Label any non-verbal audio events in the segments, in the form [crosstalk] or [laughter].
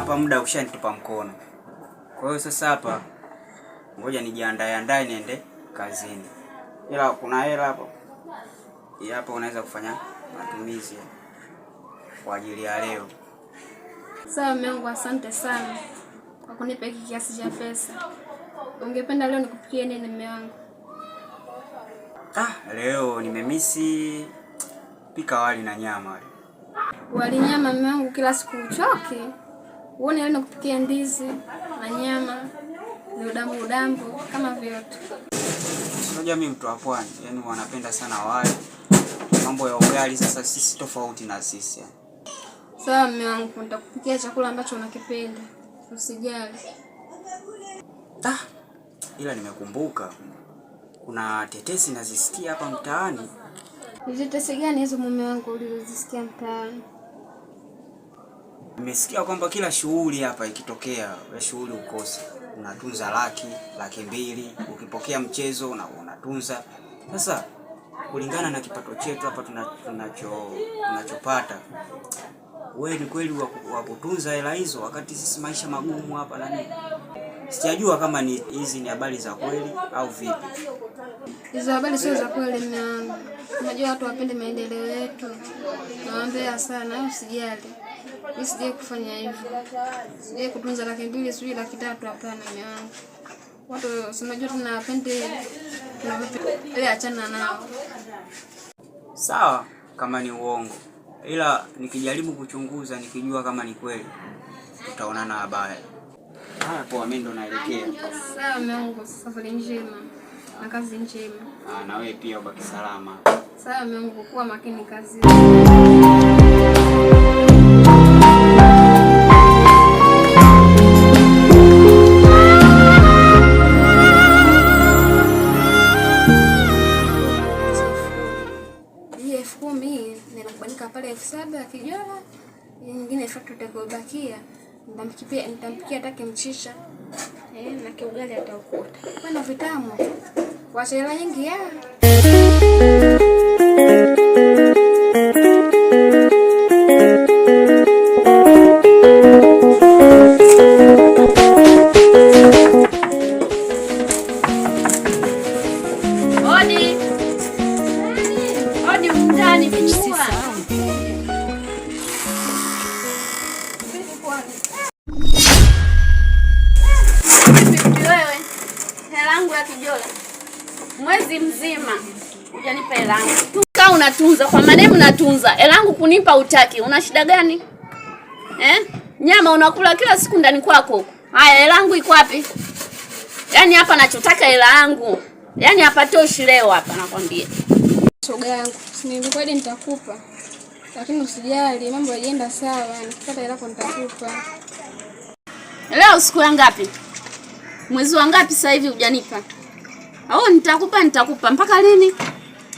hapa muda ukishanitupa mkono. Kwa hiyo sasa hapa ngoja nijiandae andae niende kazini, ila kuna hela hapo hapo, unaweza kufanya matumizi kwa ajili ya leo. Sawa mwanangu, asante sana kwa kunipa hiki kiasi cha pesa. Ungependa leo nikupikie nini mume wangu? Ah, leo nimemisi pika wali na nyama. Wali nyama mume wangu, kila siku uchoke uone wenda kupikia ndizi na nyama udambu udambu kama vyote. Unajua mimi mtu wa pwani, yani wanapenda sana wali, mambo ya ugali. Sasa sisi tofauti na sisi. Yaani. Sawa mume wangu, nitakupikia chakula ambacho unakipenda, usijali. Ah, ila nimekumbuka kuna tetesi nazisikia hapa mtaani. Ni tetesi gani hizo mume wangu ulizosikia mtaani? Nimesikia kwamba kila shughuli hapa ikitokea, wewe shughuli ukose, unatunza laki laki mbili, ukipokea mchezo na unatunza. Sasa kulingana na kipato chetu hapa tunacho tunachopata, wewe ni kweli wa kutunza hela hizo wakati sisi maisha magumu hapa na nini? Sijajua kama ni hizi ni habari za kweli au vipi. Hizo habari sio za kweli, na unajua watu wapende maendeleo yetu, naombea sana, usijali mimi sijawahi kufanya hivyo, sijawahi kutunza laki mbili sijui laki tatu. Hapana yangu watu sinajua tunapende ile, achana nao. Sawa kama ni uongo, ila nikijaribu kuchunguza, nikijua kama ni kweli, tutaonana habaya. Haya, poa, mimi ndo naelekea. Sawa mungu, safari njema na kazi njema. Ah, na wewe pia ubaki salama. Sawa mungu, kuwa makini kazi tutakaobakia nitampikia nitampikia hata mchicha eh, na kiugali atakuta. na vitamu. Wacha hela nyingi ya elangu tuka unatunza kwa maneno unatunza elangu kunipa utaki, una shida gani eh? Nyama unakula kila siku ndani kwako. Haya, elangu iko wapi? Yaani hapa nachotaka elangu, yaani toshi leo hapa, nakwambia shoga yangu, nilikwenda nitakupa, lakini usijali, mambo yajienda sawa, nikipata hela nitakupa. Leo siku ya ngapi? Mwezi wa ngapi sasa hivi hujanipa? Au nitakupa nitakupa mpaka lini?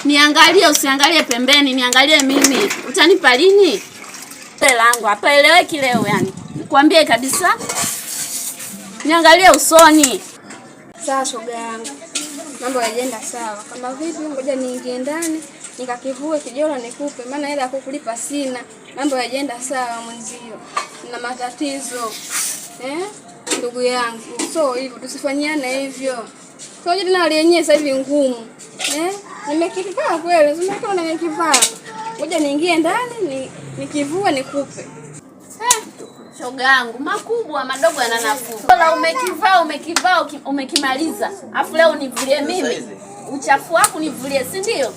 niangalie, usiangalie pembeni, niangalie mimi. Utanipa lini langu? Hapa eleweki leo, yani nikwambie kabisa, niangalie usoni. Sawa shoga yangu, mambo yajenda sawa. Kama vipi, ngoja niingie ndani nikakivue kijola nikupe, maana hela ya kukulipa sina. Mambo yajenda sawa mwenzio, na matatizo eh? Ndugu yangu, so hivyo tusifanyiane hivyo, so tena hali yenyewe sasa hivi ngumu eh? nimekivaa kweli, zimekaa nimekivaa. Ngoja niingie ndani ni, nikupe shoga yangu. Makubwa madogo yana nafuu. Bora umekivaa umekivaa umekimaliza, afu leo nivulie mimi uchafu wako nivulie, si ndio?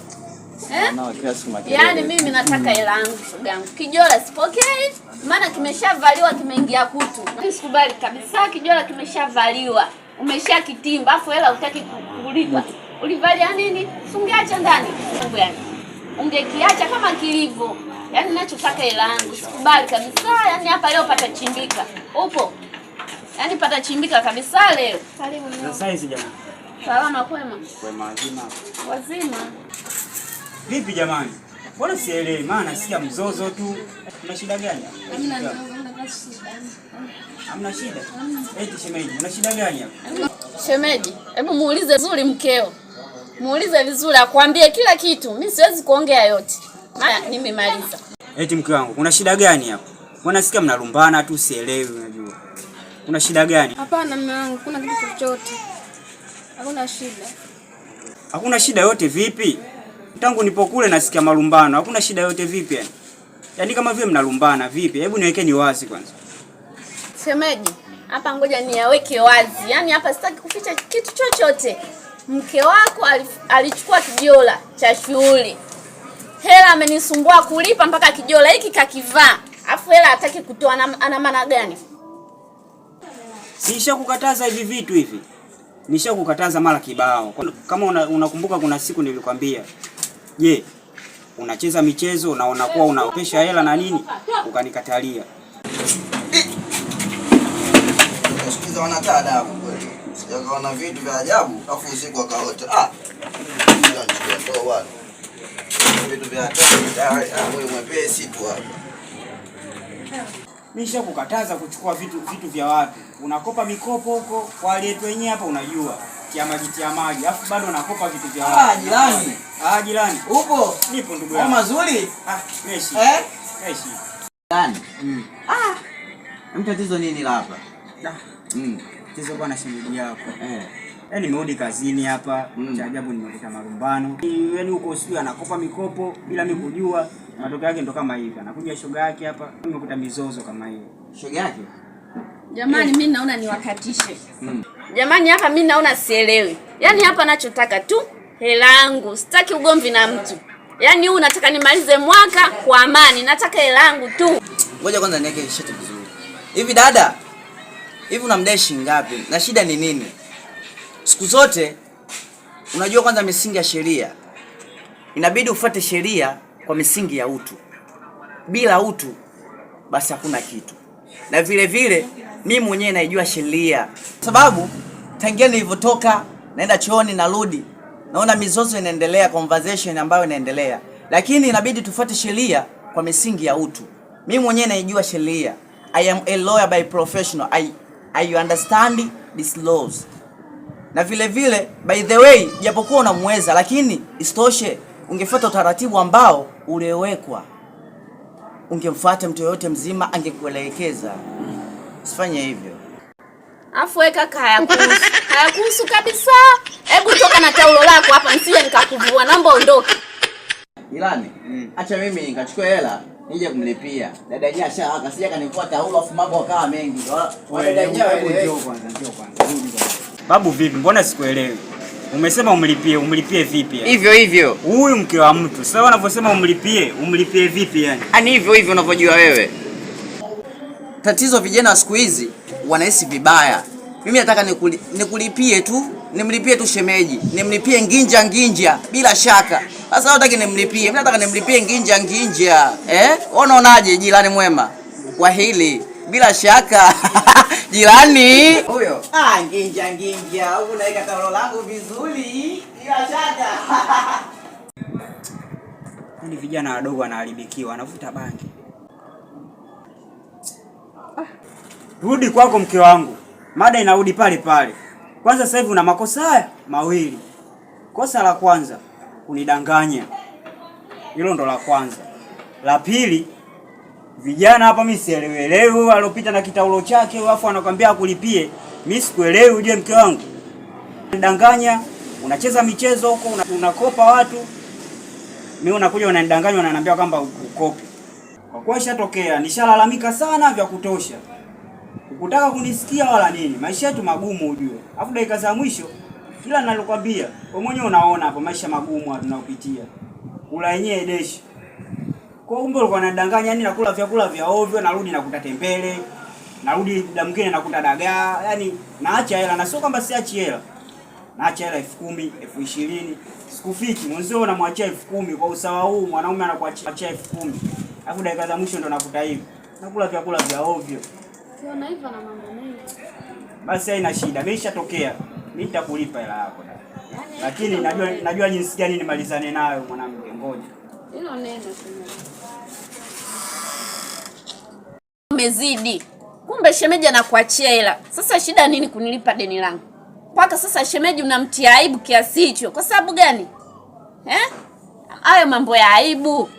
Eh? Yaani mimi nataka hela yangu shoga yangu. Kijola sipokei, maana kimeshavaliwa kimeingia kutu. Sikubali kabisa, kijola kimeshavaliwa, umeshakitimba afu hela utaki kulipa ulivalia nini? Ungeacha ndani yani, ungekiacha kama kilivyo. Yani ninachotaka hela yangu, sikubali kabisa. Yani hapa leo pata chimbika, upo yani chimbika kabisa leo. Karibu jamani. Salama, kwema? Kwema, wazima. Wazima vipi jamani? Mbona sielewi, maana nasikia mzozo tu. Una shida gani? Hamna shida. Hamna shida? Eti shemeji, una shida gani hapa? Shemeji, hebu muulize zuri mkeo muulize vizuri, akwambie kila kitu. Mimi siwezi kuongea yote, nimemaliza. Eti mke wangu, kuna shida gani hapo? Nasikia mnalumbana tu, sielewi. Unajua kuna shida gani? Hapana mume wangu, kuna kitu chochote, hakuna shida. Hakuna shida yote vipi? Tangu nipo kule nasikia malumbano, hakuna shida yote vipi? Yani yani kama vile mnalumbana vipi? Hebu niwekeni wazi kwanza. Shemeji, hapa ngoja niyaweke wazi, yani hapa sitaki kuficha kitu chochote mke wako alichukua kijola cha shughuli, hela amenisumbua kulipa mpaka kijola hiki kakivaa, afu hela hataki kutoa. Ana maana gani? kukataza hivi vitu hivi, nisha kukataza mara kibao. Kama unakumbuka, una kuna siku nilikwambia, je, unacheza michezo na unakuwa unaopesha hela na nini, ukanikatalia. Sikiza, wanatoa adabu kweli yakaona vitu vya ajabu, afu usiku akaota ah, vitu vya hatari, ah, mwepesi tu hapa. Mimi shakukataza kuchukua vitu vitu vya watu, unakopa mikopo huko kwa aliyetu wenyewe hapa, unajua tia maji tia maji, afu bado unakopa vitu vya watu. Ah, jirani, ah, jirani upo? Nipo ndugu ah, yangu. Mazuri ah, meshi eh, meshi Jirani. mm. Ah, mtatizo nini hapa? Da. Mm mchezo kwa na shemeji yako eh. Eh, nimerudi kazini hapa mm. Cha ajabu nimekuta marumbano. Yaani huko sijui anakopa mikopo bila mimi kujua. Mm. Matokeo yake ndo kama hivi. Anakuja shoga yake hapa, nimekuta mizozo kama hiyo. Shoga yake? Jamani eh. mimi naona niwakatishe. Mm. Jamani hapa mimi naona sielewi. yani hapa nachotaka tu helangu, Sitaki ugomvi na mtu. yani, huu nataka nimalize mwaka kwa amani. Nataka helangu tu. Ngoja kwanza niweke shati vizuri. Hivi dada, hivi unamdai shilingi ngapi na shida ni nini? Siku zote unajua, kwanza misingi ya sheria inabidi ufuate sheria kwa misingi ya utu. Bila utu, basi hakuna kitu. Na vile vile mimi mwenyewe naijua sheria, sababu tangia nilivyotoka naenda chooni, narudi naona mizozo inaendelea, conversation ambayo inaendelea, lakini inabidi tufuate sheria kwa misingi ya utu. Mimi mwenyewe naijua sheria. I am a lawyer by professional. I are you understand these laws. Na vile vile, by the way, japokuwa unamweza, lakini istoshe, ungefuata utaratibu ambao uliowekwa, ungemfuata mtu yoyote mzima angekuelekeza. Usifanye hivyo. Afu weka kaya kuhusu kabisa. Hebu toka na taulo lako hapa, nisije nikakuvua. Naomba ondoke. Ilani, mm. Acha mimi nikachukua hela Nije kumlipia. Dada yenyewe ashawaka, sija kanifuata huko afu mambo akawa mengi. Dada yenyewe kwanza Babu vipi? Mbona sikuelewi? Umesema umlipie, umlipie vipi Hivyo hivyo. Huyu mke wa mtu. Sasa wanavyosema umlipie, umlipie vipi yani? Yaani hivyo hivyo unavyojua wewe. Tatizo vijana siku hizi wanahisi vibaya. Mimi nataka nikulipie tu nimlipie tu shemeji, nimlipie nginja nginja, bila shaka. Sasa nataka nimlipie, mimi nataka nimlipie nginja nginja. Eh, unaonaje jirani mwema kwa hili? Bila shaka [laughs] jirani huyo, ah, nginja nginja, huko unaweka taulo langu vizuri, bila shaka [laughs] ni yaani vijana wadogo wanaharibikiwa, wanavuta bangi. Ah. Rudi kwako mke wangu, mada inarudi pale pale. Kwanza sasa hivi una makosa haya mawili. Kosa la kwanza kunidanganya, hilo ndo la kwanza. La pili, vijana hapa, mimi sielewelewi, alopita na kitaulo chake, alafu anakwambia akulipie. Mimi sikuelewi, ujue mke wangu unidanganya, unacheza michezo huko, unakopa watu, mimi unakuja unanidanganya, unaniambia kwamba ukopi Kwa kuwa ishatokea, nishalalamika sana vya kutosha kutaka kunisikia wala nini? Maisha yetu magumu ujue. afu dakika za mwisho kila ninalokwambia wewe mwenyewe unaona hapo maisha magumu tunayopitia. Kula yenyewe deshi. Kwa kumbe ulikuwa unadanganya yani nakula vyakula vya ovyo, narudi nakuta tembele, narudi muda mwingine nakuta dagaa, yani naacha hela na sio kwamba siachi hela. Naacha hela elfu kumi, elfu ishirini. Sikufiki mwenzio unamwachia elfu kumi kwa usawa huu mwanaume anakuachia elfu kumi. Alafu dakika za mwisho ndo nakuta hivi. Nakula vyakula vya ovyo. Siona hivyo na mambo mengi. Basi haina shida. Mimi nishatokea. Mimi nitakulipa hela yako. Yaani Lakini najua najua jinsi gani nimalizane nayo mwanamke, ngoja. Hilo neno umezidi. Kumbe shemeji anakuachia hela. Sasa shida nini kunilipa deni langu? Mpaka sasa shemeji unamtia aibu kiasi hicho. Kwa sababu gani? Eh? Hayo mambo ya aibu.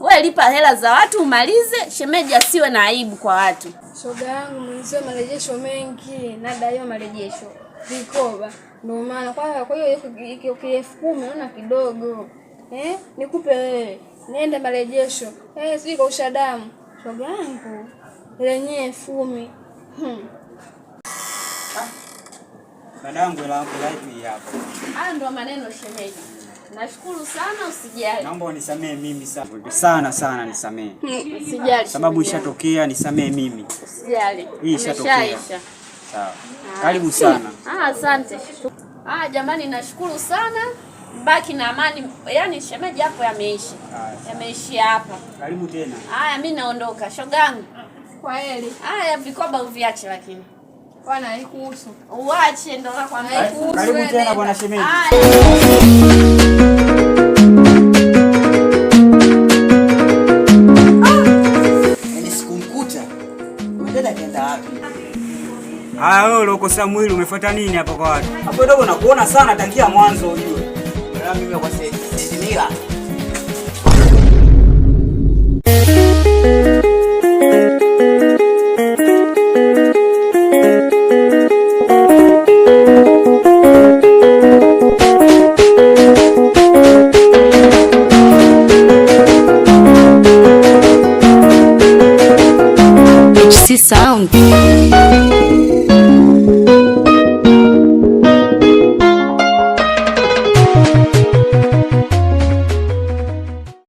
We lipa hela za watu umalize, shemeji asiwe na aibu kwa watu. Shoga yangu mwenzio, marejesho mengi, nadaiwa marejesho vikoba, ndio maana. Kwa hiyo elfu kumi naona kidogo eh, nikupe wewe, nenda marejesho eh, sijui kausha damu. Shoga yangu lenyewe elfu kumi hmm. Dadangu, ndo maneno shemeji Nashukuru sana, usijali. Naomba unisamee mimi sana sana sana, nisamee. Usijali. Sababu ishatokea, nisamee mimi. Usijali. Hii ishatokea. Sawa. Karibu sana. Ah, asante. Ah, jamani nashukuru sana. Mbaki na amani. Yaani shemeji hapo yameishi. Yameishia hapa. Karibu tena. Haya, mimi naondoka. Shogangu. Kwaheri. Haya, vikoba uviache lakini. Bwana haikuhusu. Uache ndo Karibu tena bwana shemeji. Ah! Yaani wewe ulikosea mwili umefuata nini hapo kwa watu? Hapo dogo nakuona sana tangia mwanzo ujue. mimi kwa sasa. Nila.